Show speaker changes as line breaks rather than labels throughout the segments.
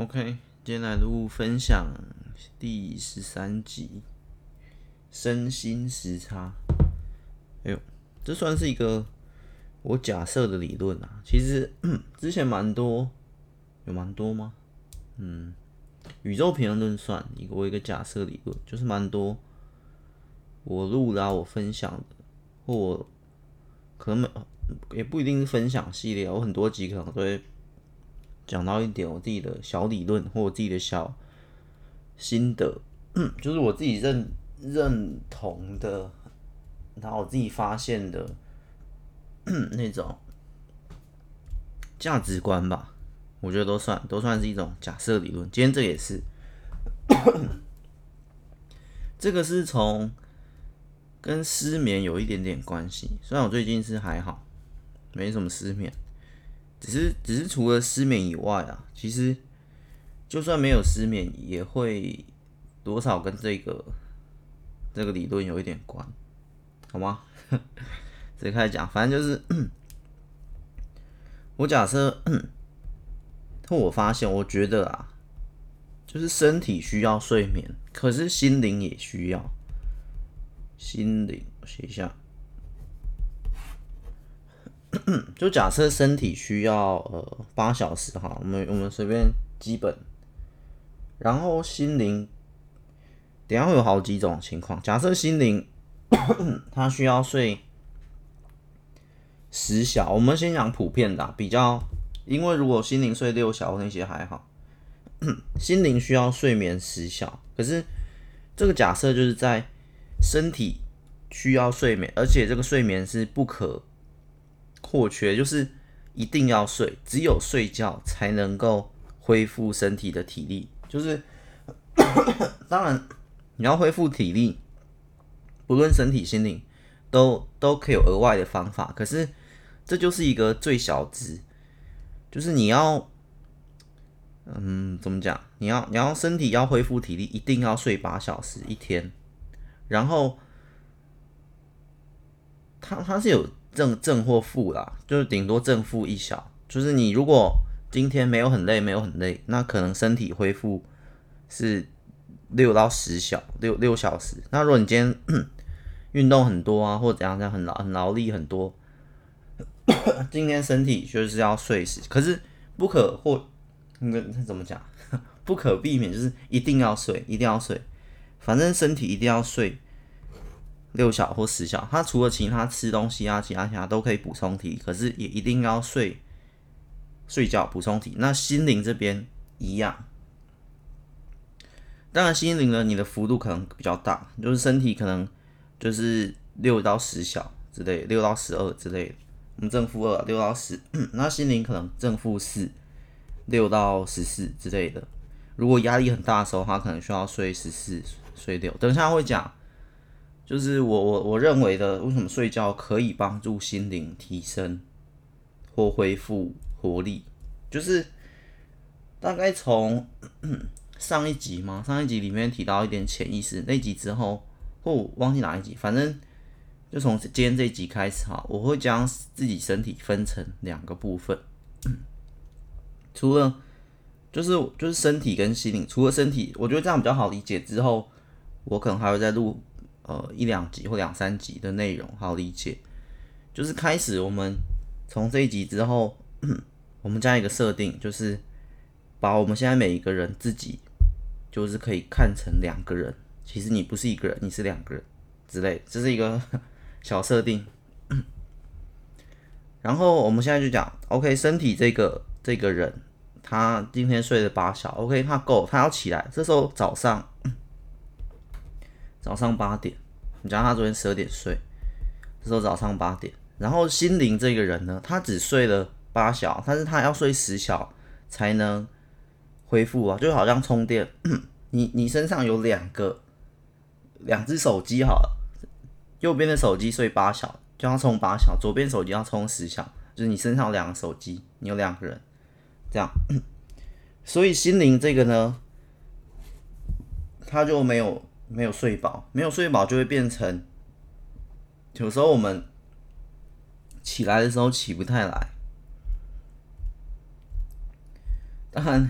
OK，今天來錄分享第十三集，身心時差。哎呦，這算是一個我假設的理論啊。其實之前蠻多，有蠻多嗎？嗯，宇宙平衡論算一個我一個假設理論，就是蠻多。我錄啦、啊，我分享的，或我可能沒，也不一定是分享系列，我很多集可能都會。講到一點我自己的小理論或我自己的小心得，就是我自己認認同的，然後我自己發現的那種價值觀吧，我覺得都算都算是一種假設理論。今天這個也是， 這個是從跟失眠有一點點關係，雖然我最近是還好，沒什麼失眠。只是，只是除了失眠以外啊，其實就算沒有失眠，也會多少跟這個這個理論有一點關，好嗎？ 直接開始講，反正就是嗯，我假設，嗯，我發現，我覺得啊，就是身體需要睡眠，可是心靈也需要，心靈，我寫一下。 就假設身體需要呃八小時哈，我們我們隨便基本，然後心靈，等下會有好幾種情況。假設心靈 它需要睡十小，我們先講普遍的、啊、比較，因為如果心靈睡六小那些還好， 心靈需要睡眠十小。可是這個假設就是在身體需要睡眠，而且這個睡眠是不可。或缺就是一定要睡，只有睡覺才能夠恢復身體的體力。就是咳咳當然你要恢復體力，不論身體心理、心靈都都可以有額外的方法。可是這就是一個最小值，就是你要嗯怎麼講？你要你要身體要恢復體力，一定要睡八小時一天。然後他他是有。正正或負啦，就是頂多正負一小，就是你如果今天沒有很累，沒有很累，那可能身體恢復是六到十小，六六小時。那如果你今天運動很多啊，或者怎樣怎樣很勞很勞力很多，今天身體就是要睡死。可是不可或，那那怎麼講？不可避免就是一定要睡，一定要睡，反正身體一定要睡。六小或十小，他除了其他吃東西啊，其他其他都可以補充體力，可是也一定要睡睡覺補充體力。那心靈這邊一樣，當然心靈呢，你的幅度可能比較大，就是身體可能就是六到十小之類，六到十二之類的，我們正負二，六到十，那心靈可能正負四，六到十四之類的。如果壓力很大的時候，他可能需要睡十四睡六。等下會講。就是我我我認為的，為什麼睡覺可以幫助心靈提升、或恢復活力？就是大概從上一集嘛，上一集裡面提到一點潛意識那集之後，哦，忘記哪一集，反正就從今天這一集開始哈，我會將自己身體分成兩個部分，除了就是就是身體跟心靈，除了身體，我覺得這樣比較好理解。之後我可能還會再錄。呃，一兩集或兩三集的內容好理解，就是開始我們從這一集之後，嗯，我們加一個設定，就是把我們現在每一個人自己，就是可以看成兩個人，其實你不是一個人，你是兩個人之類的，這是一個小設定，嗯。然後我們現在就講，OK，身體這個這個人，他今天睡了八小，OK，他夠，他要起來，這時候早上。嗯早上八點，你知道他昨天十二點睡，這時候早上八點。然後心靈這個人呢，他只睡了八小，但是他要睡十小才能恢復啊，就好像充電。你你身上有兩個兩隻手機好了，右邊的手機睡八小，就要充八小；左邊手機要充十小，就是你身上兩個手機，你有兩個人這樣。所以心靈這個呢，他就沒有。沒有睡飽，沒有睡飽就會變成，有時候我們起來的時候起不太來。當然，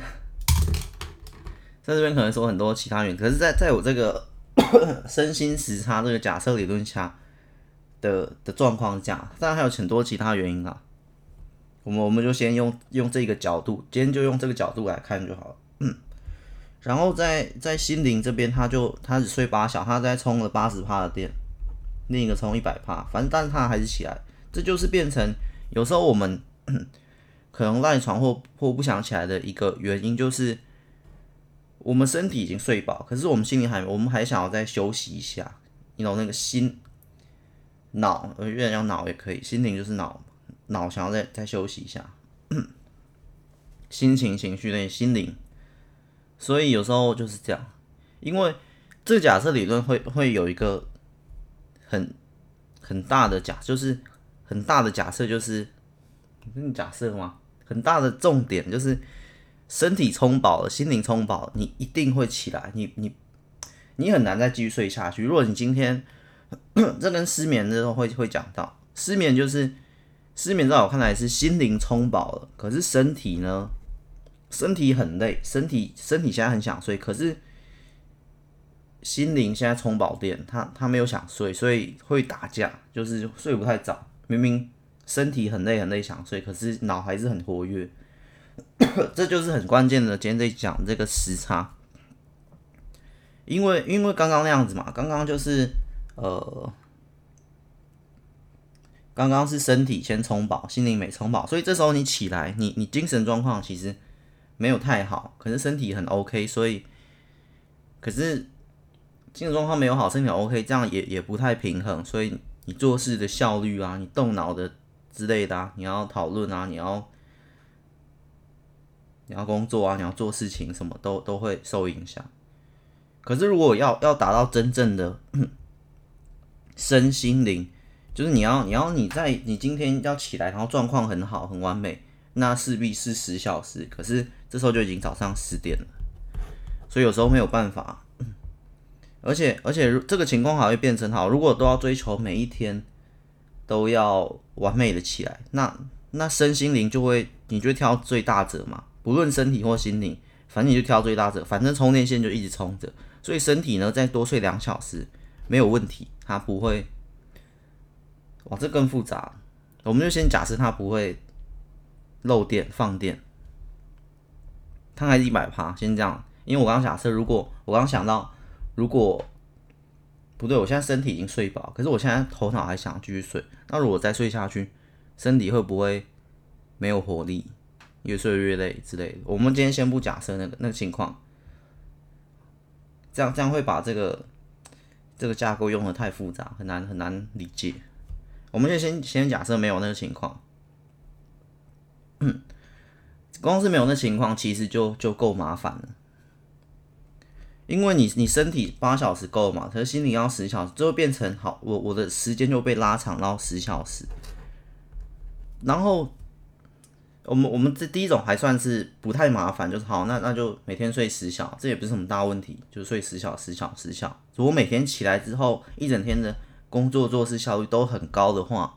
在這邊可能說很多其他原因，可是在，在在我這個呵呵身心時差這個假設理論下的的狀況下，當然還有很多其他原因啊。我們我們就先用用這個角度，今天就用這個角度來看就好了。然後在在心靈這邊，他就他只睡八小，他在充了八十趴的電，另一個充一百趴，反正，但是他還是起來。這就是變成有時候我們可能賴床或或不想起來的一個原因，就是我們身體已經睡飽，可是我們心靈還沒，我們還想要再休息一下。你 you 懂 know, 那個心腦，呃，月亮腦也可以，心靈就是腦，腦想要再再休息一下，心情、情緒對、那個、心靈。所以有時候就是這樣，因為這假設理論會會有一個很很大的假，就是很大的假設，就是真的你你假設嗎？很大的重點就是身體充飽了，心靈充飽，你一定會起來，你你你很難再繼續睡下去。如果你今天咳咳這跟失眠的時候會會講到，失眠就是失眠，在我看來是心靈充飽了，可是身體呢？身體很累，身體身體現在很想睡，可是心靈現在充飽電，他他沒有想睡，所以會打架，就是睡不太著。明明身體很累很累想睡，可是腦還是很活躍， 這就是很關鍵的。今天在講這個時差，因為因為剛剛那樣子嘛，剛剛就是呃，剛剛是身體先充飽，心靈沒充飽，所以這時候你起來，你你精神狀況其實。沒有太好，可是身體很 OK，所以，可是精神狀況沒有好，身體很 OK，這樣也也不太平衡，所以你做事的效率啊，你動腦的之類的啊，你要討論啊，你要你要工作啊，你要做事情，什麼都都會受影響。可是如果要要達到真正的身心靈，就是你要你要你在你今天要起來，然後狀況很好很完美，那勢必是十小時，可是，這時候就已經早上十點了，所以有時候沒有辦法。而且，而且這個情況還會變成好，如果都要追求每一天都要完美的起來，那那身心靈就會，你就會挑最大者嘛，不論身體或心靈，反正你就挑最大者，反正充電線就一直充着。所以身體呢，再多睡兩小時沒有問題，它不會。哇，這更複雜。我們就先假設它不會漏電放電。看看一百趴，先這樣。因為我剛假設，如果我剛想到，如果不對，我現在身體已經睡飽，可是我現在頭腦還想繼續睡。那如果再睡下去，身體會不會沒有活力，越睡越累之類的？我們今天先不假設那個那個情況，這樣這樣會把這個這個架構用得太複雜，很難很難理解。我們就先先假設沒有那個情況。 光是沒有那情況，其實就就夠麻煩了。因為你你身體八小時夠嘛，可是心靈要十小時，最後變成好，我我的時間就被拉長到十小時。然後我們我們這第一種還算是不太麻煩，就是好，那那就每天睡十小，這也不是什麼大問題，就睡十小時、十小時、十小時。如果每天起來之後，一整天的工作做事效率都很高的話，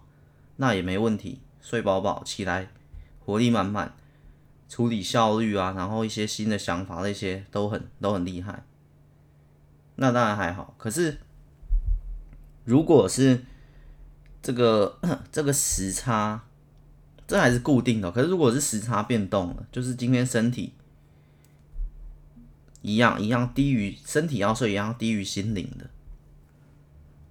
那也沒問題，睡飽飽起來，活力滿滿。處理效率啊，然後一些新的想法，那些都很都很厲害。那當然還好。可是，如果是這個這個時差，這還是固定的。可是如果是時差變動了，就是今天身體一樣一樣低於身體要睡一樣低於心靈的，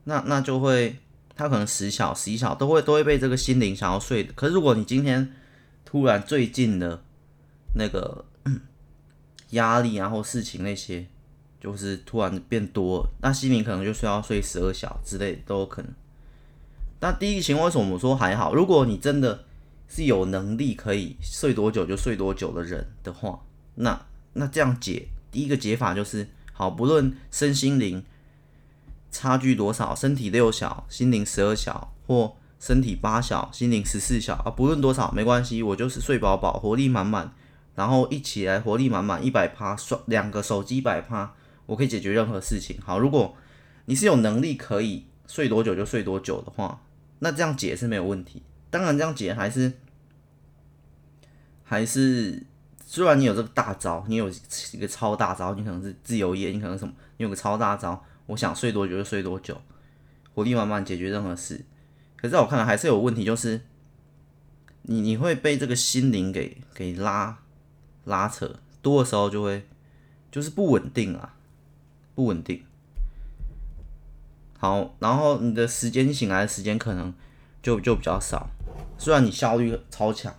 那那就會他可能十小十一小都會都會被這個心靈想要睡的。可是如果你今天突然最近的那個，嗯，壓力啊，然後事情那些，就是突然變多，那心靈可能就是要睡十二小之類的都有可能。那第一個情況是我們說還好，如果你真的是有能力可以睡多久就睡多久的人的話，那那這樣解，第一個解法就是好，不論身心靈差距多少，身體六小，心靈十二小，或身體八小，心靈十四小，啊，不論多少沒關係，我就是睡飽飽，活力滿滿。然後一起來，活力滿滿，一百趴，兩個手機，一百趴，我可以解決任何事情。好，如果你是有能力可以睡多久就睡多久的話，那這樣解是沒有問題。當然，這樣解還是還是雖然你有這個大招，你有一個超大招，你可能是自由業，你可能是什麼，你有個超大招，我想睡多久就睡多久，活力滿滿，解決任何事。可是在我看來，還是有問題，就是你你會被這個心靈給給拉。拉扯多的時候就會，就是不穩定啊，不穩定。好，然後你的時間醒來的時間可能就就比較少，雖然你效率超強。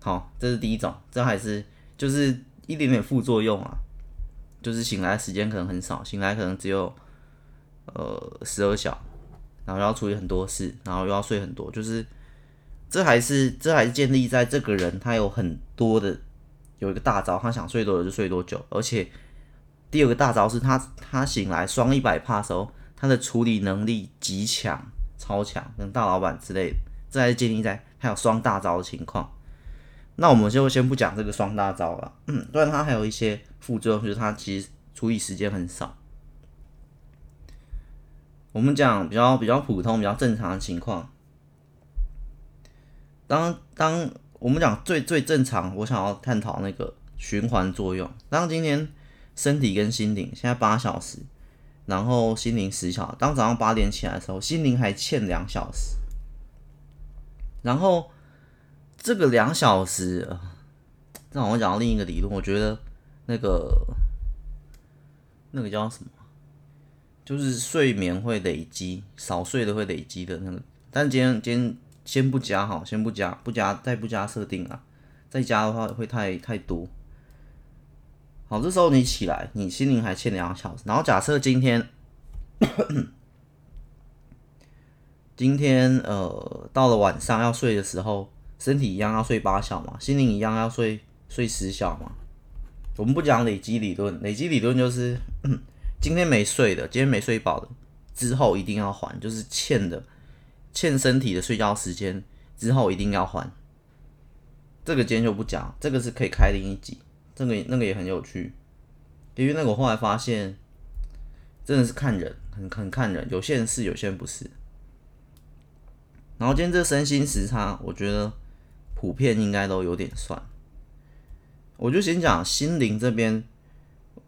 好，這是第一種，這還是就是一點點副作用啊，就是醒來時間可能很少，醒來可能只有呃十二小，然後要處理很多事，然後又要睡很多，就是。這還是這還是建立在這個人他有很多的，有一個大招，他想睡多久就睡多久。而且第二個大招是他他醒來雙一百帕的時候，他的處理能力極強、超強，跟大老闆之類的。這還是建立在他有雙大招的情況。那我們就先不講這個雙大招了。嗯，雖然他還有一些副作用，就是他其實處理時間很少。我們講比較比較普通、比較正常的情況。當當我們講最最正常，我想要探討那個循環作用。當今天身體跟心靈現在八小時，然後心靈十小時。當早上八點起來的時候，心靈還欠兩小時。然後這個兩小時，讓我我講到另一個理論，我覺得那個那個叫什麼，就是睡眠會累積，少睡的會累積的那個。但今天今天。先不加哈，先不加，不加再不加設定啊。再加的話會太太多。好，這時候你起來，你心靈還欠兩小時。然後假設今天，咳咳今天呃到了晚上要睡的時候，身體一樣要睡八小嘛，心靈一樣要睡睡十小嘛。我們不講累積理論，累積理論就是今天沒睡的，今天沒睡飽的，之後一定要還，就是欠的。欠身體的睡覺時間之後一定要還，這個今天就不講，這個是可以開另一集，這個那個也很有趣，因為那個我後來發現真的是看人，很很看人，有些人是，有些人不是。然後今天這身心時差，我覺得普遍應該都有點算。我就先講心靈這邊，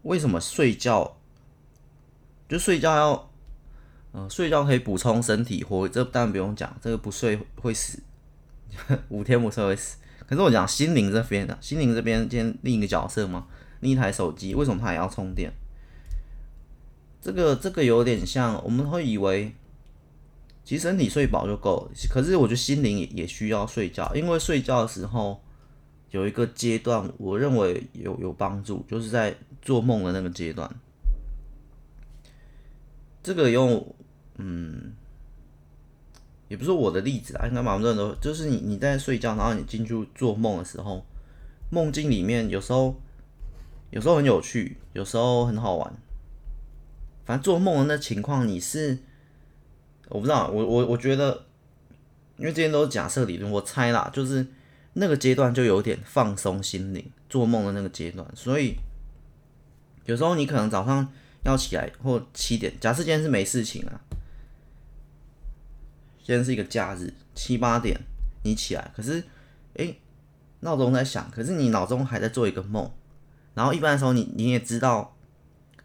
為什麼睡覺就睡覺要？嗯、呃，睡覺可以補充身體活，這個、當然不用講，這個不睡會,會死， 五天不睡會死。可是我講心靈這邊的、啊，心靈這邊今天另一個角色嘛？另一台手機為什麼它也要充電？這個這個有點像，我們會以為其實身體睡飽就夠了，可是我覺得心靈也也需要睡覺，因為睡覺的時候有一個階段，我認為有有幫助，就是在做夢的那個階段。這個用。嗯，也不是我的例子啦，應該蠻多人都就是你你在睡覺，然後你進去做夢的時候，夢境裡面有時候有時候很有趣，有時候很好玩，反正做夢的那情況你是我不知道，我我我覺得，因為之前都是假設理論，我猜啦，就是那個階段就有點放鬆心靈，做夢的那個階段，所以有時候你可能早上要起來或七點，假設今天是沒事情啊。今天是一個假日，七八點你起來，可是，誒、欸，鬧鐘在響，可是你腦中還在做一個夢，然後一般的時候你，你你也知道，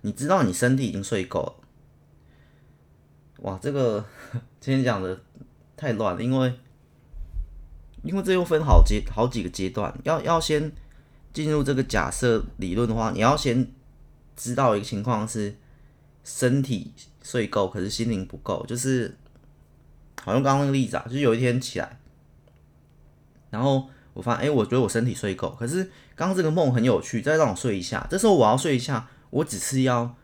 你知道你身體已經睡夠了，哇，這個今天講的太亂了，因為，因為這又分好階好幾個階段，要要先進入這個假設理論的話，你要先知道一個情況是身體睡夠，可是心靈不夠，就是。好像剛剛那個例子啊，就是有一天起來，然後我發現，哎、欸，我覺得我身體睡夠，可是剛剛這個夢很有趣，再讓我睡一下。這時候我要睡一下，我只是要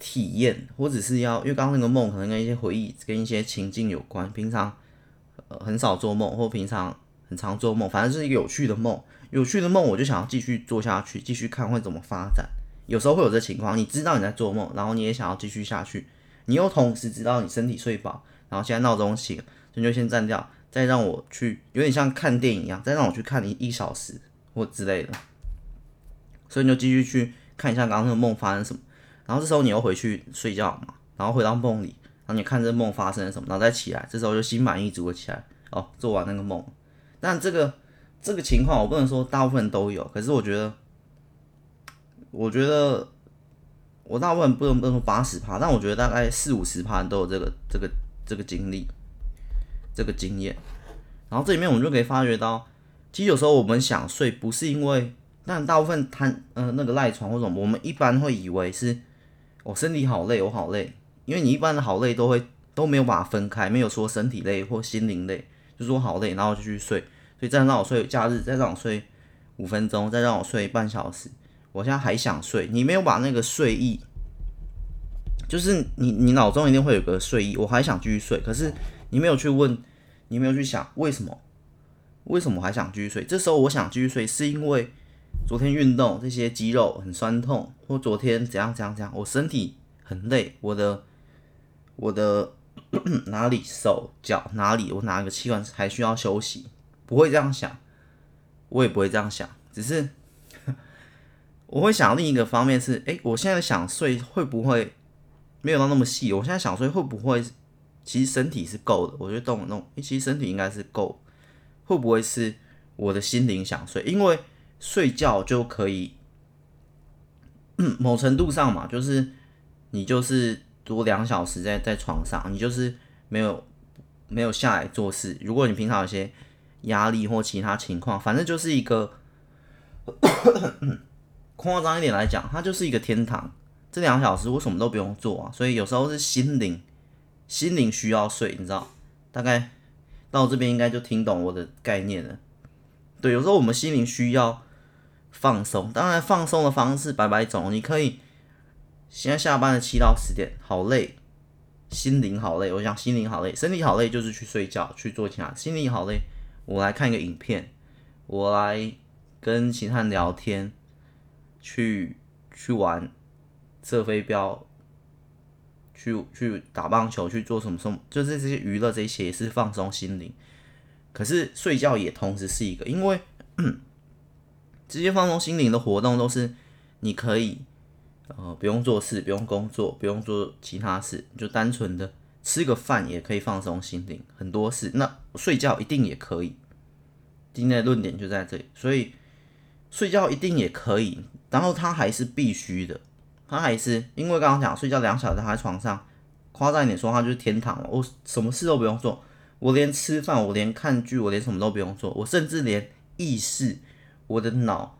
體驗，我只是要，因為剛剛那個夢可能跟一些回憶、跟一些情境有關。平常、呃、很少做夢，或平常很常做夢，反正就是一個有趣的夢，有趣的夢我就想要繼續做下去，繼續看會怎麼發展。有時候會有這情況，你知道你在做夢，然後你也想要繼續下去，你又同時知道你身體睡飽。然後現在鬧鐘醒了，你就先暫掉，再讓我去，有點像看電影一樣，再讓我去看一，一小時或之類的。所以你就繼續去看一下剛剛那個夢發生什麼。然後這時候你又回去睡覺嘛，然後回到夢裡，然後你看這個夢發生了什麼，然後再起來，這時候就心滿意足的起來，哦，做完那個夢。但這個這個情況我不能說大部分都有，可是我覺得，我覺得我大部分不能不能說八十趴，但我覺得大概四五十趴都有這個這個。這個經歷，這個經驗，然後這裡面我們就可以發覺到，其實有時候我們想睡，不是因為，但大部分貪，嗯、呃，那個賴床或者我們一般會以為是，我、哦、身體好累，我好累，因為你一般的好累都會都沒有把它分開，沒有說身體累或心靈累，就說好累，然後就去睡，所以再讓我睡，假日再讓我睡五分鐘，再讓我睡半小時，我現在還想睡，你沒有把那個睡意。就是你，你腦中一定會有個睡意，我還想繼續睡，可是你沒有去問，你沒有去想為什麼，為什麼還想繼續睡？這時候我想繼續睡，是因為昨天運動這些肌肉很酸痛，或昨天怎樣怎樣怎樣，我身體很累，我的我的咳咳哪裡手腳哪裡，我哪個器官還需要休息，不會這樣想，我也不會這樣想，只是我會想另一個方面是，哎，我現在想睡會不會？沒有到那麼細，我現在想睡會不會？其實身體是夠的，我覺得動不動，其實身體應該是夠。會不會是我的心靈想睡？因為睡覺就可以某程度上嘛，就是你就是多兩小時在在床上，你就是沒有沒有下來做事。如果你平常有一些壓力或其他情況，反正就是一個誇張 一點來講，它就是一個天堂。這兩個小時我什麼都不用做啊，所以有時候是心靈，心靈需要睡，你知道？大概到這邊應該就聽懂我的概念了。對，有時候我們心靈需要放鬆，當然放鬆的方式百百種，你可以現在下班的七到十點，好累，心靈好累，我想心靈好累，身體好累，就是去睡覺，去做其他，心靈好累，我來看一個影片，我來跟其他人聊天，去去玩。射飛鏢，去去打棒球，去做什麼什麼，就是這些娛樂，這些也是放鬆心靈。可是睡覺也同時是一個，因為這些放鬆心靈的活動都是你可以呃不用做事，不用工作，不用做其他事，就單純的吃個飯也可以放鬆心靈，很多事。那睡覺一定也可以。今天的論點就在這裡，所以睡覺一定也可以，然後它還是必須的。他還是，因為剛剛講睡覺兩小時躺在床上，誇讚你說他就是天堂了。我什麼事都不用做，我連吃飯，我連看劇，我連什麼都不用做，我甚至連意識，我的腦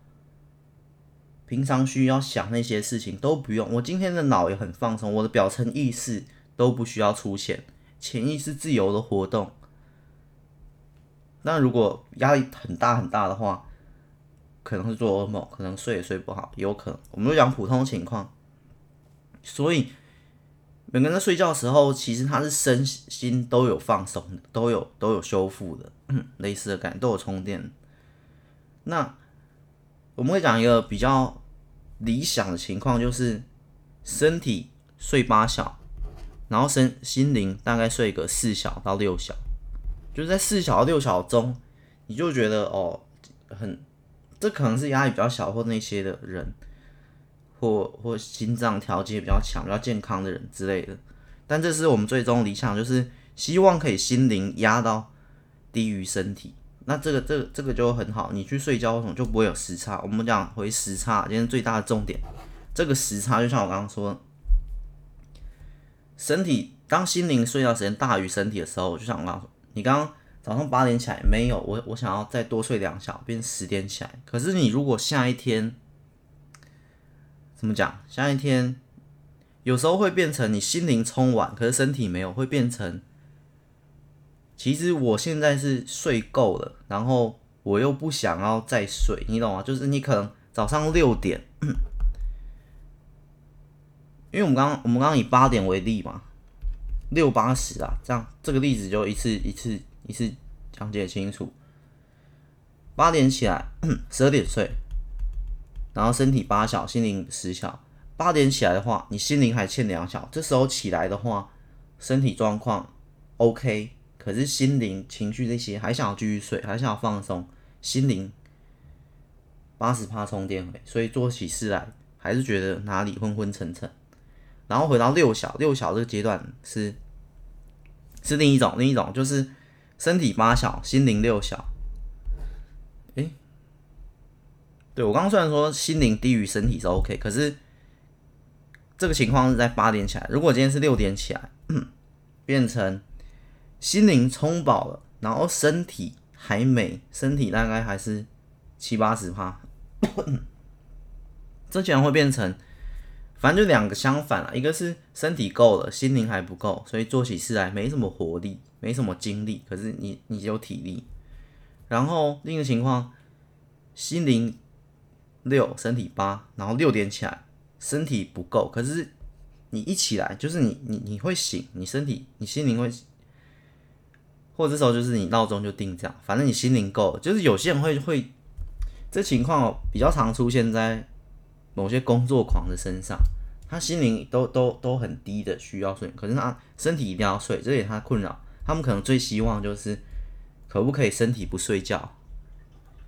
平常需要想那些事情都不用。我今天的腦也很放鬆，我的表層意識都不需要出現，潛意識自由的活動。那如果壓力很大很大的話，可能是做噩夢，可能睡也睡不好，有可能。我們都講普通情況。所以每個人在睡覺的時候，其實他是身心都有放鬆的，都有都有修復的呵呵，類似的感覺，都有充電。那我們會講一個比較理想的情況，就是身體睡八小，然後身心靈大概睡個四小到六小，就在四小到六小中，你就覺得哦，很，這可能是壓力比較小或那些的人。或或心臟調節比較強、比較健康的人之類的，但這是我們最終理想，就是希望可以心靈壓到低於身體，那這個這個、這個就很好。你去睡覺的時候就不會有時差。我們講回時差，今天最大的重點，這個時差就像我剛剛說，身體當心靈睡覺時間大於身體的時候，就像我剛說，你剛剛早上八點起來沒有，我我想要再多睡兩小時，變成十點起來，可是你如果下一天。怎麼講？下一天，有時候會變成你心靈充滿，可是身體沒有，會變成。其實我現在是睡夠了，然後我又不想要再睡，你懂嗎？就是你可能早上六點，因為我們剛剛我們剛剛以八點為例嘛，六八十啊，這樣這個例子就一次一次一次講解清楚。八點起來，十二點睡。然後身體八小，心靈十小。八點起來的話，你心靈還欠兩小。這時候起來的話，身體狀況 OK，可是心靈情緒這些還想繼續睡，還想，要還想要放鬆。心靈八十趴充電，所以做起事來還是覺得哪裡昏昏沉沉。然後回到六小，六小這個階段是是另一種，另一種就是身體八小，心靈六小。對我剛剛雖然說心靈低於身體是 OK，可是這個情況是在八點起來。如果今天是六點起來，變成心靈充飽了，然後身體還沒，身體大概還是七八十趴，這竟然會變成，反正就兩個相反了。一個是身體夠了，心靈還不夠，所以做起事來沒什麼活力，沒什麼精力。可是你你有體力，然後另一個情況，心靈。六身體八，然後六點起來，身體不夠，可是你一起來就是你你你會醒，你身體你心靈會，或者這時候就是你鬧鐘就定這樣，反正你心靈夠，就是有些人會會，這情況、哦、比較常出現在某些工作狂的身上，他心靈都都都很低的需要睡，可是他身體一定要睡，這也他困擾，他們可能最希望就是可不可以身體不睡覺。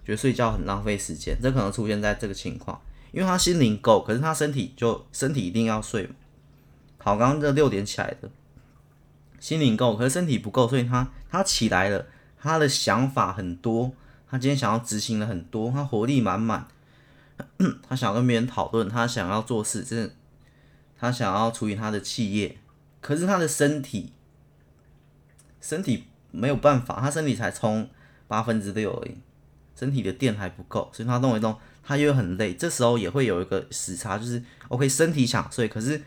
覺得睡覺很浪費時間，這可能出現在這個情況，因為他心靈夠，可是他身體就身體一定要睡。好，剛剛這六點起來的，心靈夠，可是身體不夠，所以他他起來了，他的想法很多，他今天想要執行了很多，他活力滿滿，他想跟別人討論，他想要做事，真的，他想要處理他的企業，可是他的身體，身體沒有辦法，他身體才充八分之六而已。身體的電還不夠，所以他動一動，他又很累。這時候也會有一個時差，就是 OK，身體搶睡，可是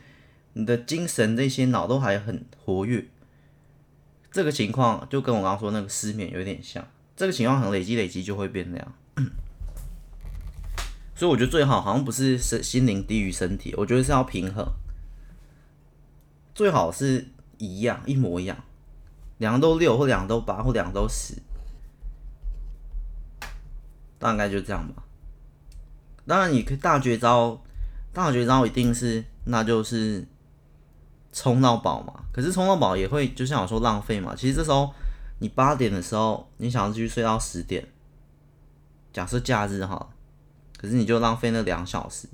你的精神這些腦都還很活躍。這個情況就跟我剛剛說那個失眠有點像。這個情況很累積，累積就會變那樣。所以我覺得最好好像不是身心靈低於身體，我覺得是要平衡，最好是一樣，一模一樣，兩個都六或兩個都八或兩個都十。大概就這樣吧。當然，你可以大絕招，大絕招一定是，那就是充到飽嘛。可是充到飽也會，就像我說浪費嘛。其實這時候你八點的時候，你想要繼續睡到十點，假設假日哈，可是你就浪費那兩小時，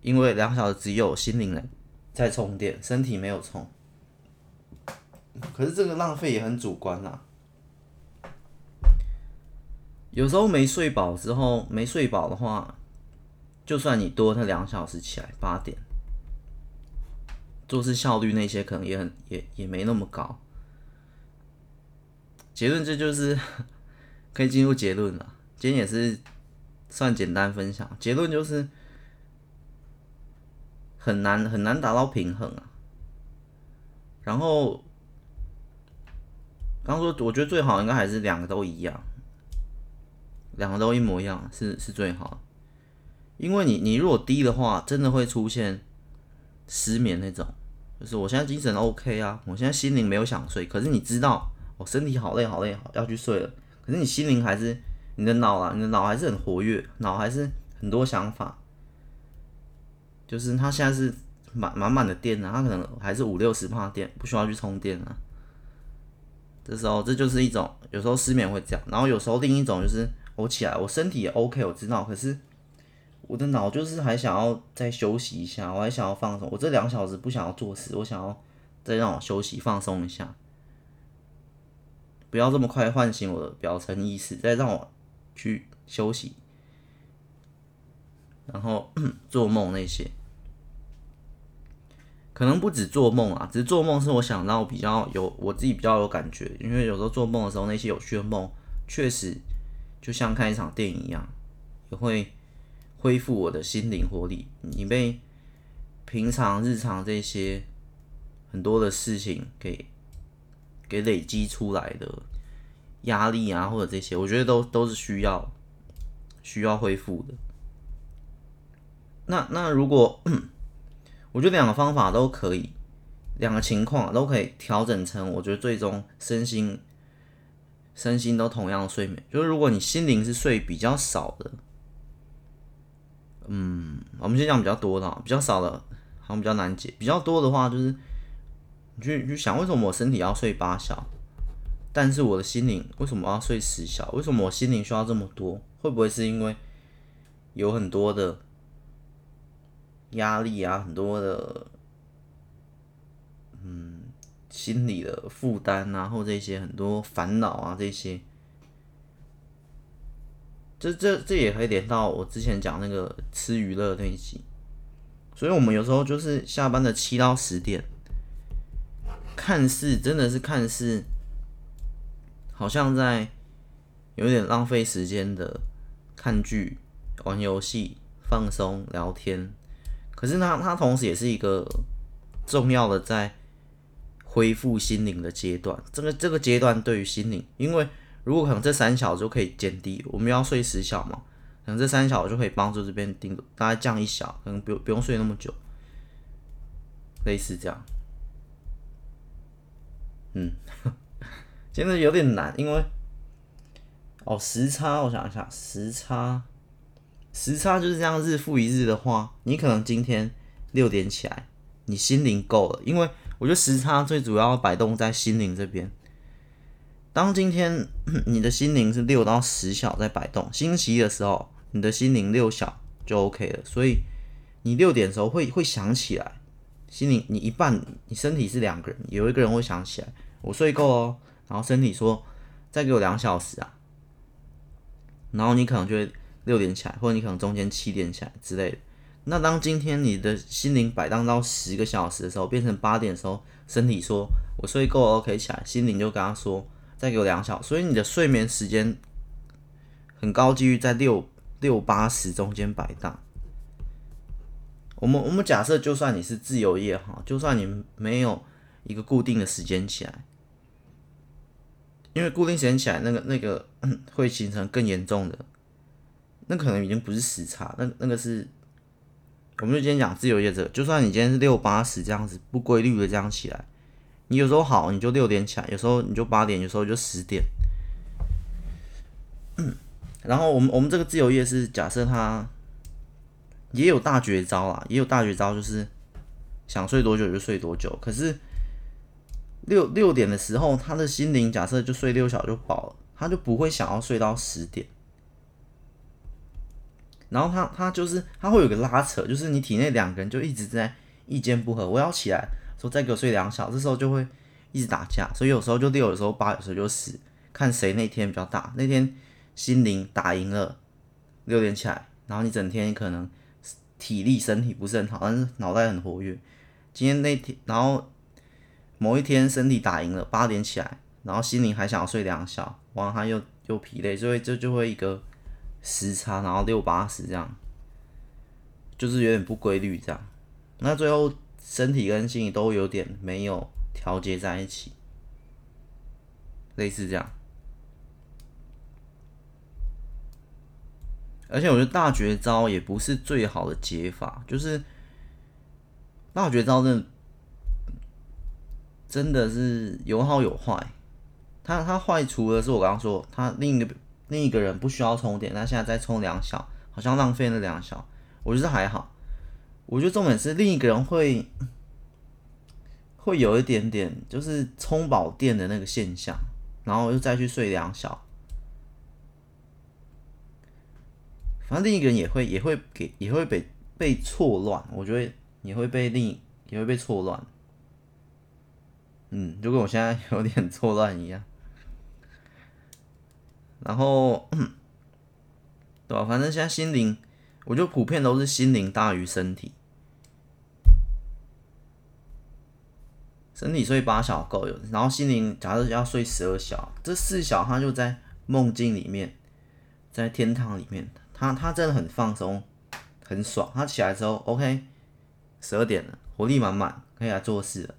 因為兩小時只有心靈咧在充電，身體沒有充。可是這個浪費也很主觀啦。有時候沒睡飽之後，沒睡飽的話，就算你多了他兩小時起來八點，做事效率那些可能也很也也沒那麼高。結論，這就是可以進入結論了。今天也是算簡單分享，結論就是很難很難達到平衡啊。然後剛剛說，我覺得最好應該還是兩個都一樣。兩個都一模一樣是是最好，因為你你如果低的話，真的會出現失眠那種，就是我現在精神 OK 啊，我現在心靈沒有想睡，可是你知道我身體好累好累好，要去睡了，可是你心靈還是你的腦啊，你的腦還是很活躍，腦還是很多想法，就是他現在是滿滿滿的電啊，他可能還是五六十%電，不需要去充電啊，這時候這就是一種，有時候失眠會這樣，然後有時候另一種就是。我起來，我身體也 OK，我知道。可是我的腦就是還想要再休息一下，我還想要放鬆。我這兩小時不想要做事，我想要再讓我休息放鬆一下，不要這麼快喚醒我的表層意識，再讓我去休息，然後 做夢那些，可能不止做夢啊，只是做夢是我想到比較有我自己比較有感覺，因為有時候做夢的時候那些有趣的夢確實。就像看一場電影一樣，也會恢復我的心靈活力。你被平常日常這些很多的事情給給累積出來的壓力啊，或者這些，我覺得都都是需要需要恢復的。那那如果我覺得兩個方法都可以，兩個情況都可以調整成，我覺得最終身心。身心都同樣的睡眠，就是如果你心靈是睡比較少的，嗯，我們先講比較多的，比較少的好像比較難解。比較多的話，就是你去你去想，為什麼我身體要睡八小，但是我的心靈為什麼我要睡十小？為什麼我心靈需要這麼多？會不會是因為有很多的壓力啊，很多的，嗯。心理的負擔啊，或這些很多煩惱啊，這些，這這這也可以連到我之前講那個吃娛樂那一集。所以，我們有時候就是下班的七到十點，看似真的是看似，好像在有點浪費時間的看劇、玩遊戲、放鬆、聊天，可是呢，它同時也是一個重要的在。恢復心靈的階段，這個這個階段對於心靈，因為如果可能這三小時就可以減低，我們要睡十小嘛，可能這三小時就可以幫助這邊定，大概降一小，可能不不用睡那麼久，類似這樣。嗯，真的有點難，因為，哦，時差，我想一下，時差，時差就是這樣日復一日的話，你可能今天六點起來，你心靈夠了，因為。我覺得時差最主要擺動在心靈這邊。當今天你的心靈是六到十小在擺動，星期一的時候，你的心靈六小就 OK 了。所以你六點的時候會會想起來，心靈你一半，你身體是兩個人，有一個人會想起來，我睡夠哦，然後身體說再給我兩小時啊，然後你可能就會六點起來，或者你可能中間七點起來之類的。那當今天你的心靈擺盪到十個小時的時候，變成八點的時候，身體說：“我睡夠了，OK，起來。”心靈就跟他說：“再給我兩小時。”所以你的睡眠時間很高幾率在六六八十中間擺盪。我們我們假設，就算你是自由業哈，就算你沒有一個固定的時間起來，因為固定時間起來那個那個會形成更嚴重的，那可能已經不是時差，那那個是。我們就今天講自由業者，就算你今天是六八十這樣子不規律的這樣起來，你有時候好，你就六點起來，有時候你就八點，有時候就十點。然後我們我們這個自由業是假設他也有大絕招啊，也有大絕招，就是想睡多久就睡多久。可是六六點的時候，他的心靈假設就睡六小就飽了，他就不會想要睡到十點。然後他他就是他會有個拉扯，就是你體內兩個人就一直在意見不合。我要起來說再給我睡兩小時，這時候就會一直打架。所以有時候就六，有時候八，8, 有時候就十，看誰那天比較大。那天心靈打贏了，六點起來，然後你整天可能體力身體不是很好，但是腦袋很活躍。今天那天，然後某一天身體打贏了，八點起來，然後心靈還想要睡兩小，完了他又又疲累，所以就會這就會一個。時差，然後六八十，這樣，就是有點不規律這樣。那最後身體跟心理都有點沒有調節在一起，類似這樣。而且我覺得大絕招也不是最好的解法，就是大絕招真的真的是有好有壞。它，它壞除了是我剛剛說它另一個。另一個人不需要充電，那現在再充兩小，好像浪費那兩小，我覺得還好。我覺得重點是另一個人會會有一點點，就是充飽電的那個現象，然後就再去睡兩小，反正另一個人也會也會給也會被被錯亂，我覺得也會被另也會被錯亂。嗯，就跟我現在有點錯亂一樣。然後，嗯，對吧？反正現在心靈，我就普遍都是心靈大於身體，身體睡八小夠，然後心靈假設要睡十二小，這四小他就在夢境裡面，在天堂裡面，他他真的很放鬆，很爽。他起來之後，OK，十二點了，活力滿滿，可以來做事了。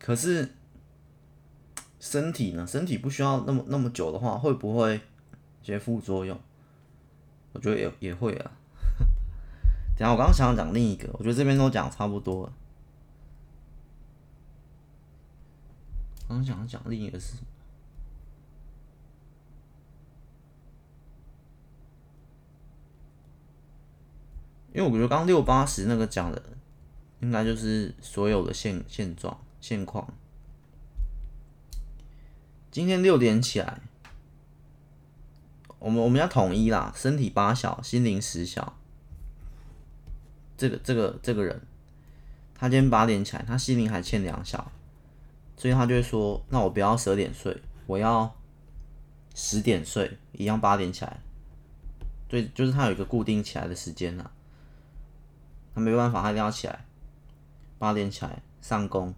可是。身體呢？身體不需要那麼那麼久的話，會不會些副作用？我覺得也也會啊。 等下，我剛剛想講另一個，我覺得這邊都講差不多了。剛剛想講另一個是什麼？因為我覺得剛六八十那個講的，應該就是所有的現現狀、現況。現今天六點起來，我們我們要統一啦。身體八小，心靈十小。這個這個這個人，他今天八點起來，他心靈還欠兩小，所以他就會說：“那我不要十二點睡，我要十點睡，一樣八點起來。”對，就是他有一個固定起來的時間啦。他沒辦法，他一定要起來，八點起來上工。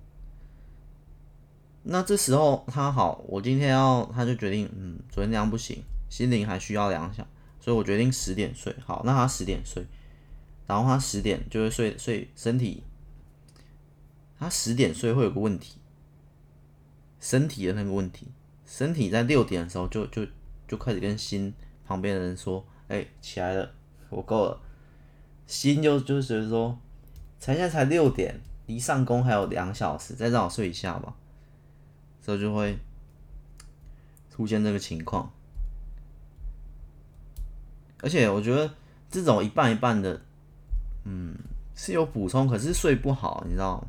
那這時候他好，我今天要他就決定，嗯，昨天那樣不行，心靈還需要兩小，所以我決定十點睡。好，那他十點睡，然後他十點就會睡睡身體。他十點睡會有個問題，身體的那個問題，身體在六點的時候就就就開始跟心旁邊的人說：“哎、欸，起來了，我夠了。”心就就是說，才現在才六點，離上工還有兩小時，再讓我睡一下吧。所以就會出現這個情況，而且我覺得這種一半一半的，嗯，是有補充，可是睡不好，你知道嗎？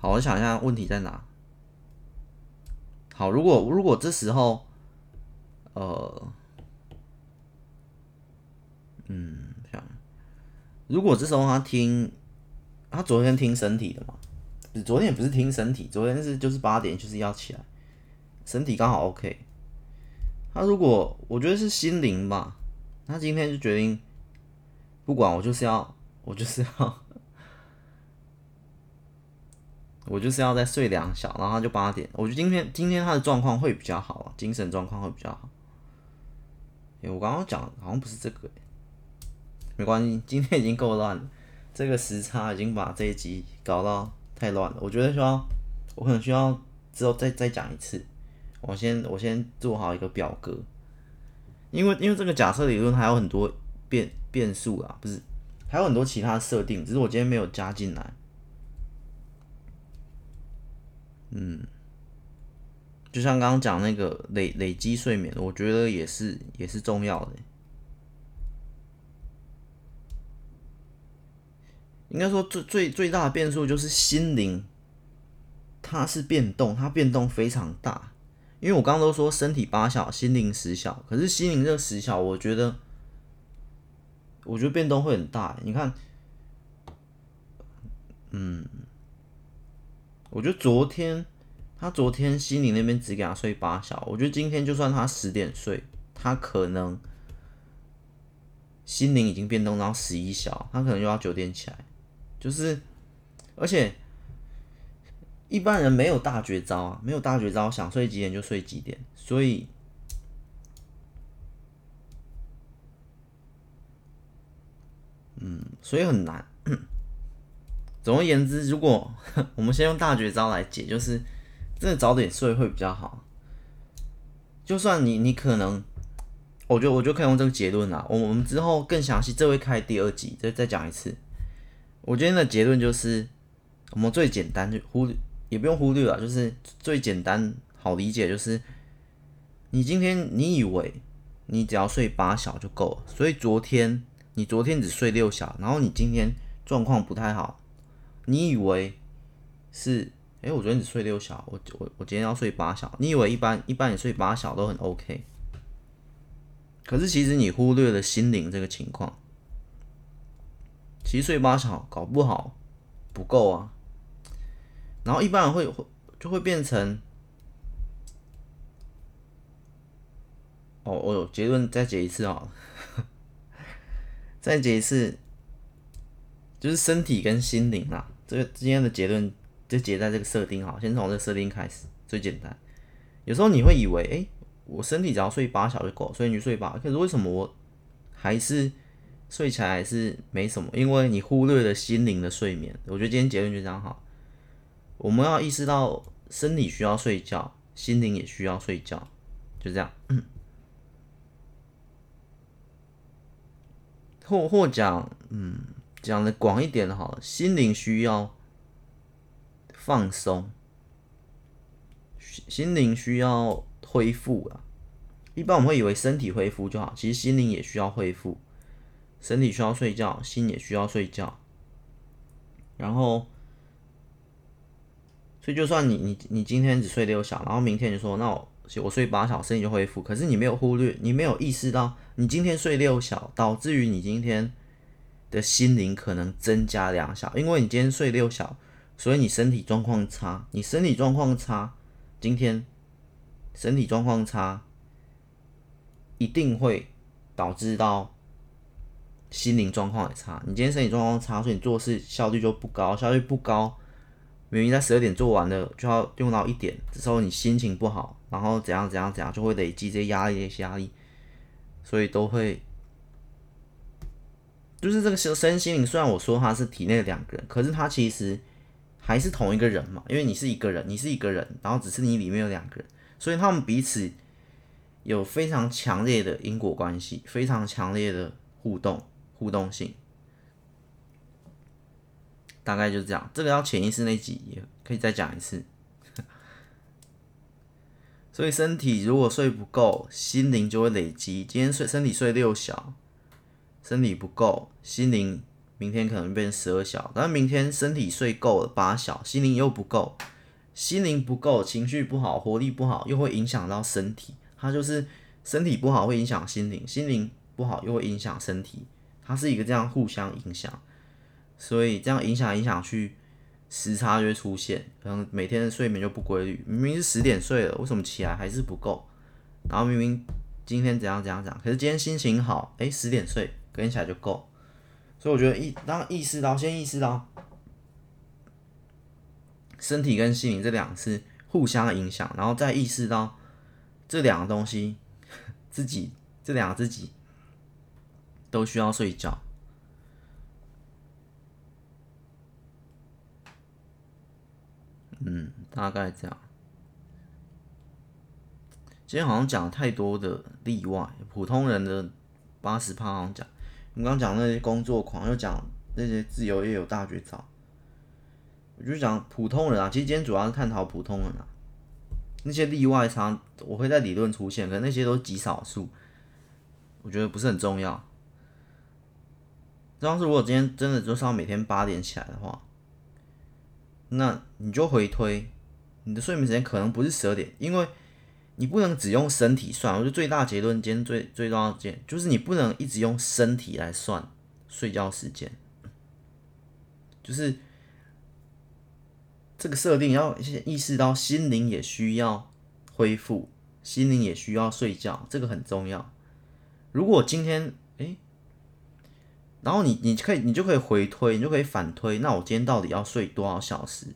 好，我想一下問題在哪。好，如果如果這時候，呃，嗯，想，如果這時候他聽。他昨天聽身體的嘛，昨天也不是聽身體，昨天是就是八點就是要起來，身體剛好 OK。他如果我覺得是心靈吧，他今天就決定不管，我就是要我就是要我就是要，我就是要再睡兩小，然後他就八點。我覺得今天今天他的狀況會比較好，精神狀況會比較好。哎、欸，我剛剛講的好像不是這個、欸，沒關係，今天已經夠亂了。這個時差已經把這一集搞到太亂了，我覺得需要，我可能需要之後再再講一次。我先我先做好一個表格，因為因為這個假設理論還有很多變變數啊，不是還有很多其他設定，只是我今天沒有加進來。嗯，就像剛剛講那個累累積睡眠，我覺得也是也是重要的欸。應該說最最最大的變數就是心靈，它是變動，它變動非常大。因為我剛剛都說身體八小，心靈十小，可是心靈這個十小，我覺得我覺得變動會很大。你看，嗯，我覺得昨天他昨天心靈那邊只給他睡八小，我覺得今天就算他十點睡，他可能心靈已經變動到十一小，他可能又要九點起來。就是，而且一般人沒有大絕招啊，沒有大絕招，想睡幾點就睡幾點，所以，嗯，所以很難。總而言之，如果我們先用大絕招來解，就是真的早點睡會比較好。就算你，你可能，我就我就可以用這個結論啦，我們我們之後更詳細，這會開第二集，再再講一次。我今天的結論就是，我們最簡單就忽略，也不用忽略了，就是最簡單好理解，就是你今天你以為你只要睡八小就夠了，所以昨天你昨天只睡六小，然後你今天狀況不太好，你以為是，哎、欸，我昨天只睡六小，我我我今天要睡八小，你以為一般一般你睡八小都很 OK，可是其實你忽略了心靈這個情況。七歲八小搞不好不夠啊，然後一般人會、會就會變成，哦，我、哦、結論再結一次啊， 再結一次，就是身體跟心靈啦，這個今天的結論就結在這個設定好，先從這個設定開始最簡單。有時候你會以為，哎、欸，我身體只要睡八小就夠，所以你睡八，可是為什麼我還是？睡起來還是沒什麼，因為你忽略了心靈的睡眠。我覺得今天結論就這樣好，我們要意識到身體需要睡覺，心靈也需要睡覺，就這樣。嗯、或或講，嗯，講的廣一點的好，心靈需要放鬆，心靈需要恢復啊，一般我們會以為身體恢復就好，其實心靈也需要恢復。身體需要睡覺，心也需要睡覺。然後，所以就算你你你今天只睡六小，然後明天你說，那我我睡八小時，身體就恢復。可是你沒有忽略，你沒有意識到，你今天睡六小，導致於你今天的心靈可能增加兩小，因為你今天睡六小，所以你身體狀況差，你身體狀況差，今天身體狀況差，一定會導致到。心靈狀況也差，你今天身體狀況差，所以你做事效率就不高，效率不高，明明在十二點做完了，就要用到一點，這時候你心情不好，然後怎樣怎樣怎樣，就會累積這些壓力，這些壓力，所以都會，就是這個身心靈，雖然我說它是體內的兩個人，可是它其實還是同一個人嘛，因為你是一個人，你是一個人，然後只是你裡面有兩個人，所以他們彼此有非常強烈的因果關係，非常強烈的互動。互動性大概就是這樣。這個要潛意識那集也可以再講一次。 所以身體如果睡不夠，心靈就會累積。今天睡身體睡六小，身體不夠，心靈明天可能變十二小。但明天身體睡夠了八小，心靈又不夠，心靈不夠情緒不好，活力不好，又會影響到身體。它就是身體不好會影響心靈，心靈不好又會影響身體。它是一個這樣互相影響，所以這樣影響影響去時差就會出現，可能每天的睡眠就不規律。明明是十點睡了，為什麼起來還是不夠？然後明明今天怎樣怎樣講，可是今天心情好，哎、欸，十點睡，隔天起來就夠。所以我覺得意當意識到，先意識到身體跟心靈這兩次互相影響，然後再意識到這兩個東西，自己這兩個自己。都需要睡覺，嗯，大概這樣。今天好像講太多的例外，普通人的八十趴好像講，我們剛講那些工作狂，又講那些自由也有大絕招，我就講普通人啊。其實今天主要是探討普通人啊，那些例外，他我會在理論出現，可能那些都極少數，我覺得不是很重要。但是，當時如果今天真的就是要每天八點起來的話，那你就回推，你的睡眠時間可能不是十二點，因為你不能只用身體算。我就最大結論，今天最最重要的點就是你不能一直用身體來算睡覺時間，就是這個設定要先意識到心靈也需要恢復，心靈也需要睡覺，這個很重要。如果今天哎。誒然後你你可以你就可以回推，你就可以反推。那我今天到底要睡多少小時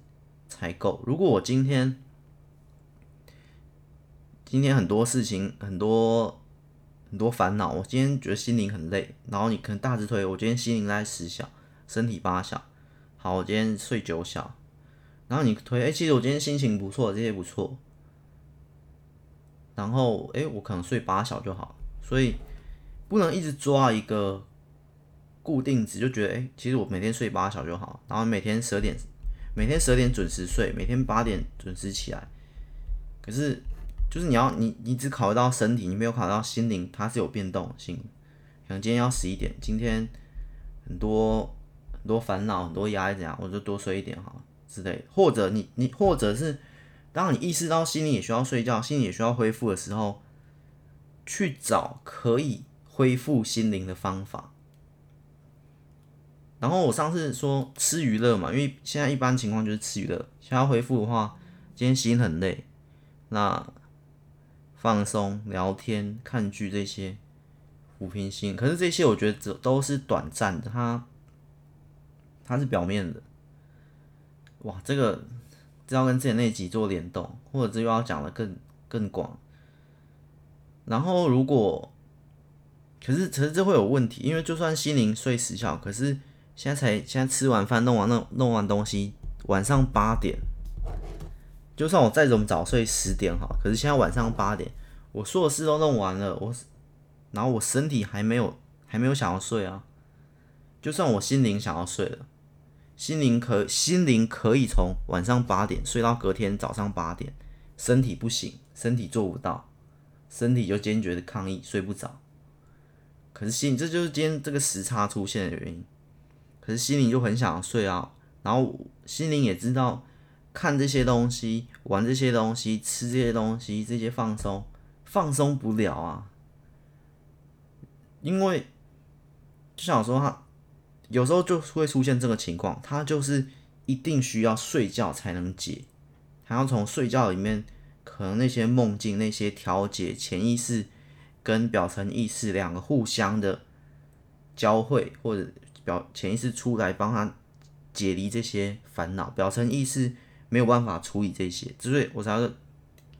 才夠？如果我今天今天很多事情很多很多煩惱，我今天覺得心靈很累。然後你可能大致推，我今天心靈在十小，身體八小。好，我今天睡九小。然後你推，哎，其實我今天心情不錯，這些不錯。然後，哎，我可能睡八小就好。所以不能一直抓一個。固定值就覺得，哎、欸，其實我每天睡八小時就好，然後每天十點，每天十點準時睡，每天八點準時起來。可是，就是你要你你只考慮到身體，你沒有考慮到心靈，它是有變動性。像今天要十一點，今天很多很多煩惱，很多壓力怎樣，我就多睡一點哈之類的。或者你你或者是當你意識到心靈也需要睡覺，心靈也需要恢復的時候，去找可以恢復心靈的方法。然後我上次說吃娛樂嘛，因為現在一般情況就是吃娛樂。想要恢復的話，今天心很累，那放鬆、聊天、看劇，這些撫平心，可是這些我覺得都是短暫的，它它是表面的。哇，這個這要跟之前那集做聯動，或者這又要講得更更廣。然後如果可是可是這會有問題，因為就算心靈睡時效，可是。現在才，現在吃完飯弄完弄弄完東西，晚上八點，就算我再怎麼早睡十點哈，可是現在晚上八點，我說的事都弄完了，我，然後我身體還沒有還沒有想要睡啊，就算我心靈想要睡了，心靈可心靈可以從晚上八點睡到隔天早上八點，身體不行，身體做不到，身體就堅決的抗議，睡不着，可是心，這就是今天這個時差出現的原因。可是心靈就很想要睡啊，然後心靈也知道看這些東西、玩這些東西、吃這些東西，這些放鬆放鬆不了啊，因為就想說他有時候就會出現這個情況，他就是一定需要睡覺才能解，他要從睡覺裡面可能那些夢境、那些調節潛意識跟表層意識兩個互相的交匯或者。表潛意識出來幫他解離這些煩惱，表層意識沒有辦法處理這些，所以我才要，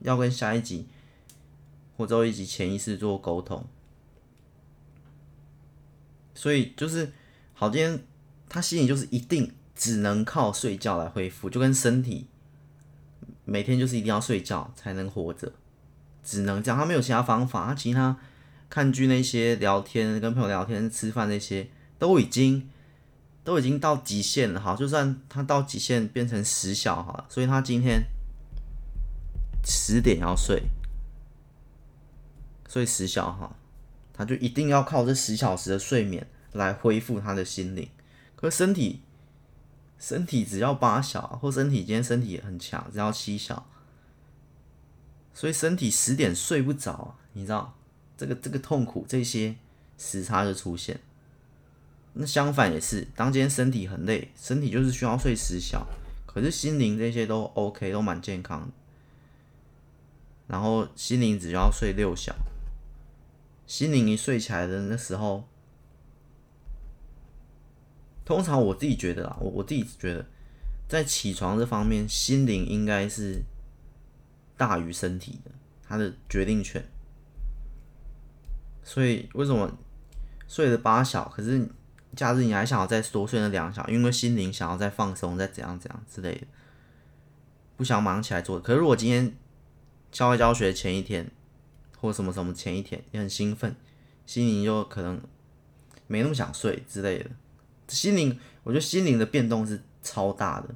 要跟下一集或者一集潛意識做溝通。所以就是好，今天他心裡就是一定只能靠睡覺來恢復，就跟身體每天就是一定要睡覺才能活着，只能這樣，他沒有其他方法。他其他看劇那些、聊天、跟朋友聊天、吃飯那些。都已經都已經到極限了哈，就算他到極限變成十小哈，了，所以他今天十點要睡，所以十小哈，他就一定要靠這十小時的睡眠來恢復他的心靈。可是身體身體只要八小，或身體今天身體也很強，只要七小，所以身體十點睡不着，你知道這個這個痛苦，這些時差就出現。那相反也是，當今天身體很累，身體就是需要睡十小，可是心靈這些都 OK，都蠻健康的。然後心靈只要睡六小，心靈一睡起來的那時候，通常我自己覺得啊，我我自己覺得，在起床這方面，心靈應該是大於身體的，它的決定權。所以為什麼睡了八小，可是，假日你還想要再多睡那兩小，因為心靈想要再放鬆，再怎樣怎樣之類的，不想忙起來做的。可是如果今天校外教學前一天，或什麼什麼前一天，也很興奮，心靈就可能沒那麼想睡之類的。心靈，我覺得心靈的變動是超大的，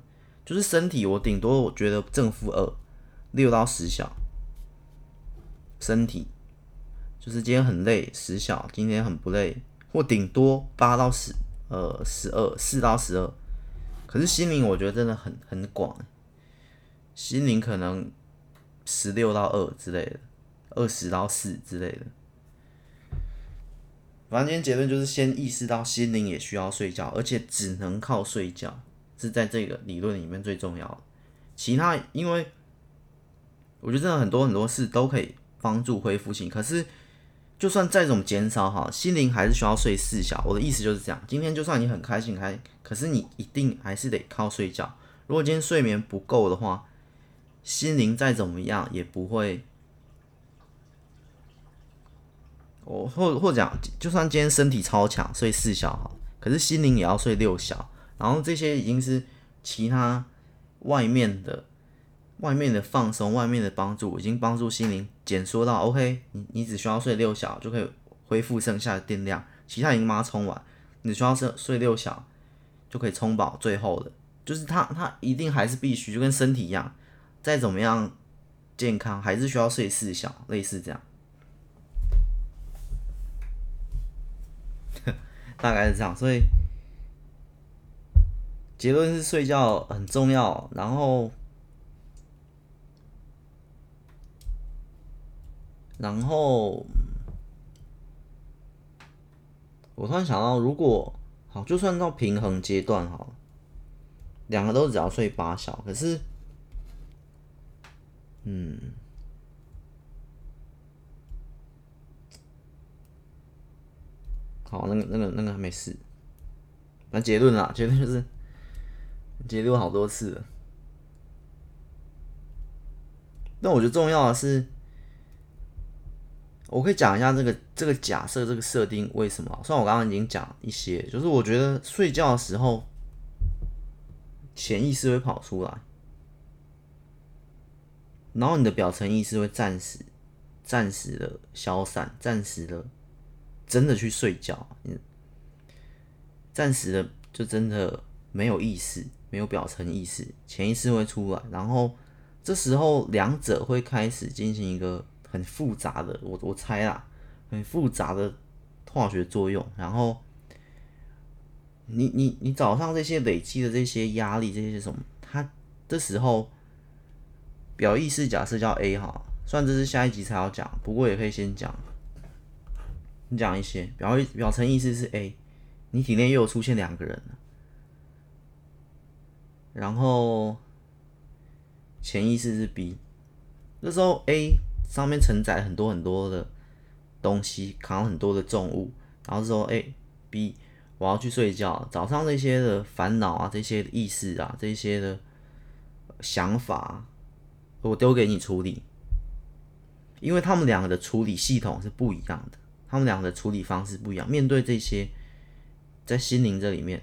就是身體我頂多我覺得正負二，六到十小。身體就是今天很累，十小；今天很不累。或頂多八到十，呃，十二，四到十二，可是心靈我覺得真的很很廣，心靈可能十六到二之類的，二十到四之類的。反正今天結論就是先意識到心靈也需要睡覺，而且只能靠睡覺是在這個理論裡面最重要的。其他因為我覺得真的很多很多事都可以幫助恢復性，可是。就算再怎麼減少哈，心靈還是需要睡四小。我的意思就是這樣。今天就算你很開心開，可是你一定還是得靠睡覺。如果今天睡眠不夠的話，心靈再怎麼樣也不會。我或或講，就算今天身體超強，睡四小哈，可是心靈也要睡六小。然後這些已經是其他外面的、外面的放鬆、外面的幫助，已經幫助心靈。簡說到，OK，你你只需要睡六小就可以恢復剩下的電量，其他已經媽充完，你只需要睡睡六小就可以充飽最後的，就是他他一定還是必須，就跟身體一樣，再怎麼樣健康還是需要睡四小，類似這樣， 大概是這樣，所以結論是睡覺很重要，然後。然後我突然想到，如果好，就算到平衡階段好了，兩個都只要睡八小時。可是，嗯，好，那個、那個、那個還沒事。那結論啦，結論就是，結論好多次了。但我覺得重要的是。我可以講一下這個這個假設這個設定為什麼？雖然我剛剛已經講一些，就是我覺得睡覺的時候，潛意識會跑出來，然後你的表層意識會暫時、暫時的消散，暫時的真的去睡覺，暫時的就真的沒有意識，沒有表層意識，潛意識會出來，然後這時候兩者會開始進行一個。很複雜的，我我猜啦，很複雜的化學作用。然後你你你早上這些累積的這些壓力，這些什麼，他這時候表意識假設叫 A 哈，雖然這是下一集才要講，不過也可以先講，你講一些表表層意思是 A，你體內又有出現兩個人了，然後潛意識是 B，這時候 A。上面承載很多很多的東西，扛很多的重物，然後說：“A，B，我要去睡覺，早上那些的煩惱啊，這些的意識啊，這些的想法，我丟給你處理，因為他們兩個的處理系統是不一樣的，他們兩個的處理方式不一樣，面對這些在心靈這裡面，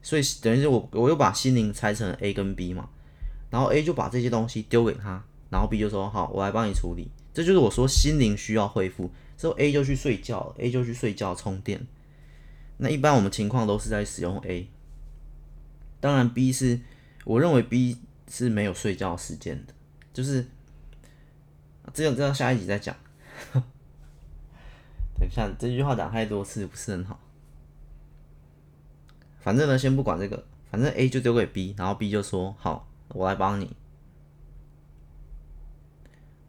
所以等於是我，我又把心靈拆成了 A 跟 B 嘛，然後 A 就把這些東西丟給他。”然後 B 就說：“好，我來幫你處理。”這就是我說心靈需要恢復。所以 A 就去睡覺了，A 就去睡覺充電。那一般我們情況都是在使用 A。當然 B 是，我認為 B 是沒有睡覺時間的。就是，這樣這樣下一集再講。 等一下，這句話講太多次，不是很好。反正呢，先不管這個。反正 A 就丟給 B，然後 B 就說：“好，我來幫你。”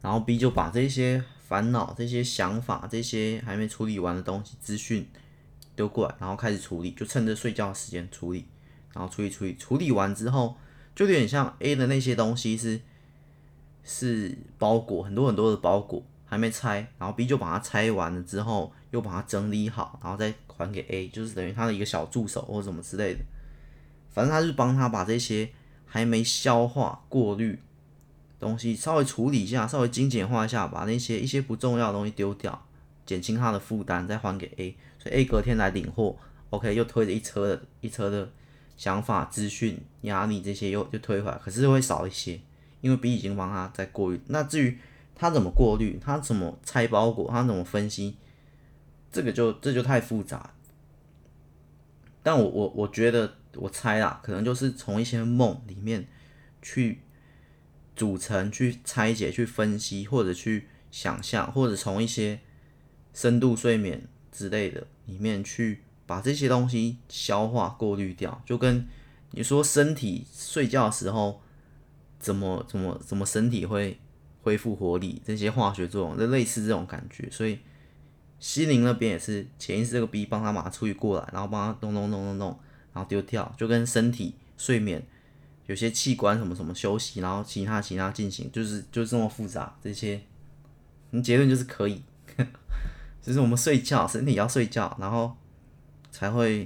然後 B 就把這些煩惱、這些想法、這些還沒處理完的東西、資訊丟過來，然後開始處理，就趁着睡覺的時間處理。然後處理處理，處理完之後，就有點像 A 的那些東西是是包裹很多很多的包裹還沒拆，然後 B 就把它拆完了之後，又把它整理好，然後再還給 A，就是等於他的一個小助手或什麼之類的。反正他是幫他把這些還沒消化、過濾。東西稍微處理一下，稍微精簡化一下，把那些一些不重要的東西丟掉，減輕他的負擔，再還給 A。所以 A 隔天來領貨，OK，又推着一車的一車的想法、資訊、壓力這些又就推回來，可是會少一些，因為 B 已經幫他再過濾。那至於他怎麼過濾，他怎麼拆包裹，他怎麼分析，這個就這就太複雜。但我我我覺得我猜啦，可能就是從一些夢裡面去組成去拆解，去分析，或者去想象，或者從一些深度睡眠之類的裡面去把這些東西消化、過濾掉，就跟你說身體睡覺的時候怎麼怎麼怎麼身體會恢復活力這些化學作用，就類似這種感覺。所以心靈那邊也是潛意識這個逼幫他把它處理過來，然後幫他弄弄弄弄弄，然後丟掉，就跟身體睡眠，有些器官什麼什麼休息，然後其他其他進行，就是就是這麼複雜。這些，你結論就是可以，呵呵，就是我們睡覺，身體要睡覺，然後才會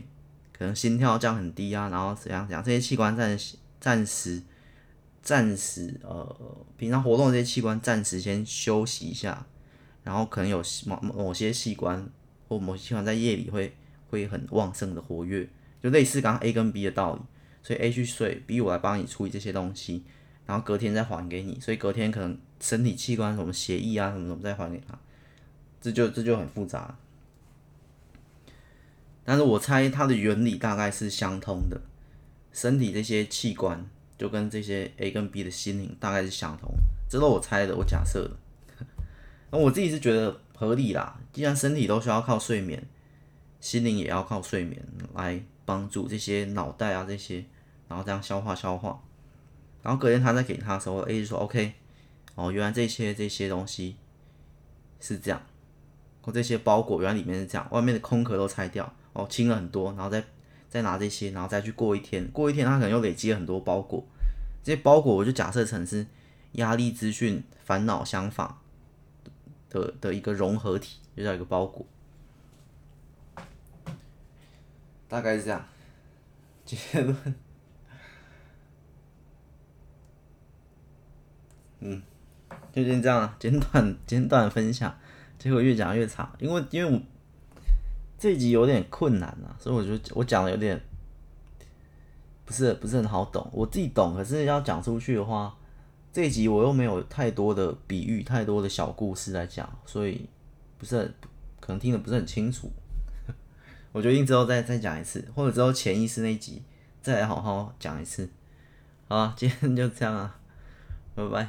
可能心跳降很低啊，然後怎樣講？這些器官暫暫時暫時呃，平常活動這些器官暫時先休息一下，然後可能有某某些器官或某些器官在夜裡會會很旺盛的活躍，就類似剛剛 A 跟 B 的道理。所以 A 去睡，B 我來幫你處理這些東西，然後隔天再還給你。所以隔天可能身體器官什麼協議啊什麼什麼再還給他，這就這就很複雜。但是我猜它的原理大概是相通的，身體這些器官就跟這些 A 跟 B 的心靈大概是相通。這都我猜的，我假設的。 那我自己是覺得合理啦，既然身體都需要靠睡眠，心靈也要靠睡眠來幫助這些腦袋啊這些。然後這樣消化消化，然後隔天他再給他的時候，A 就說 OK，哦，原來這些這些東西是這樣，哦，這些包裹原來裡面是這樣，外面的空殼都拆掉，哦，清了很多，然後再再拿這些，然後再去過一天，過一天他可能又累積了很多包裹，這些包裹我就假設成是壓力資訊、煩惱想法的的一個融合體，就叫一個包裹，大概是這樣，這些都。嗯，就先這樣，簡短簡短分享，結果越講越長，因為因為我這集有點困難啊，所以我覺得我講的有點不是不是很好懂，我自己懂，可是要講出去的話，這一集我又沒有太多的比喻，太多的小故事來講，所以不是很可能聽得不是很清楚。我決定之後再再講一次，或者之後潛意識那一集再來好好講一次，好啊，今天就這樣了啊，拜拜。